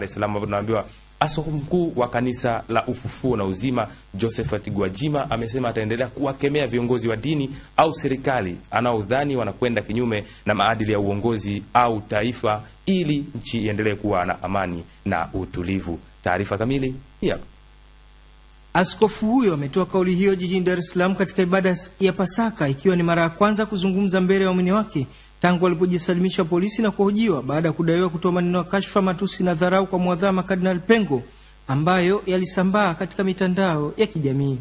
Dar es Salaam ambapo tunaambiwa askofu mkuu wa kanisa la ufufuo na uzima Josephat Gwajima amesema ataendelea kuwakemea viongozi wa dini au serikali anaodhani wanakwenda kinyume na maadili ya uongozi au taifa ili nchi iendelee kuwa na amani na utulivu. Taarifa kamili yep. Askofu huyo ametoa kauli hiyo jijini Dar es Salaam katika ibada ya Pasaka, ikiwa ni mara ya kwanza kuzungumza mbele ya waumini wake tangu alipojisalimisha polisi na kuhojiwa baada ya kudaiwa kutoa maneno ya kashfa, matusi na dharau kwa mwadhama Kardinal Pengo ambayo yalisambaa katika mitandao ya kijamii.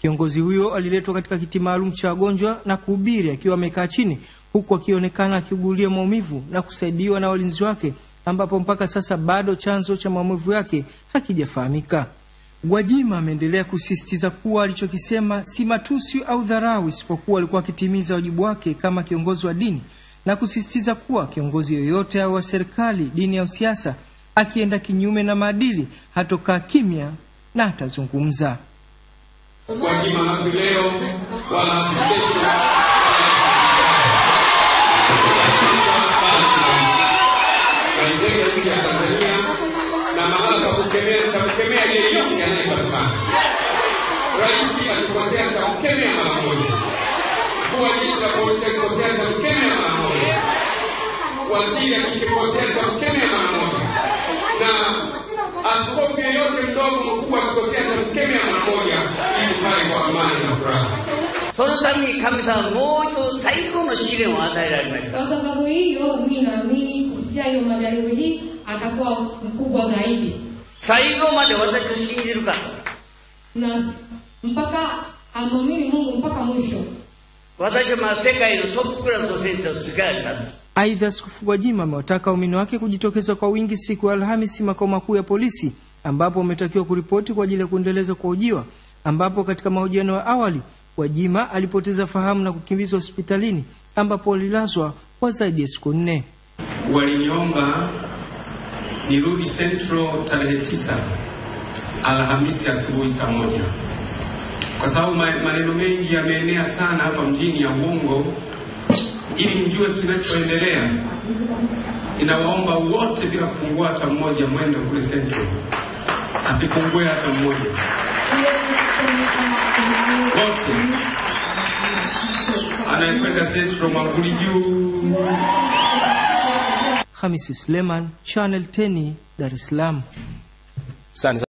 Kiongozi huyo aliletwa katika kiti maalum cha wagonjwa na kuhubiri akiwa amekaa chini, huku akionekana akiugulia maumivu na kusaidiwa na walinzi wake, ambapo mpaka sasa bado chanzo cha maumivu yake hakijafahamika. Gwajima ameendelea kusisitiza kuwa alichokisema si matusi au dharau, isipokuwa alikuwa akitimiza wajibu wake kama kiongozi wa dini na kusisitiza kuwa kiongozi yoyote au wa serikali, dini au siasa akienda kinyume na maadili hatokaa kimya na atazungumza. Raisi alikosea, atamkemea mara moja. Mkuu wa jeshi la atamkemea mara moja. waziri akikipozea tamkeme ya mara moja, na askofu yeyote mdogo mkubwa akikosea tamkeme ya mara moja, ili pale kwa amani na furaha. そのために神様はもう一度最高の試練を与えられました。最後まで私を信じるか。私は世界のトップクラスの選手を使います。Aidha, Askofu Gwajima amewataka waumini wake kujitokeza kwa wingi siku ya Alhamisi makao makuu ya polisi, ambapo wametakiwa kuripoti kwa ajili ya kuendeleza kwa ujiwa, ambapo katika mahojiano ya awali Gwajima alipoteza fahamu na kukimbizwa hospitalini ambapo walilazwa kwa zaidi ya siku nne. Waliniomba nirudi Central tarehe tisa Alhamisi asubuhi saa moja kwa sababu maneno mengi yameenea sana hapa mjini ya uongo ili mjue kinachoendelea. inawaomba wote bila kupungua hata mmoja, mwende kule sentro, asipungue hata mmoja, wote. Anayekwenda sentro, mwanguli juu. Hamisi Suleman, Channel teni Dar es Salaam.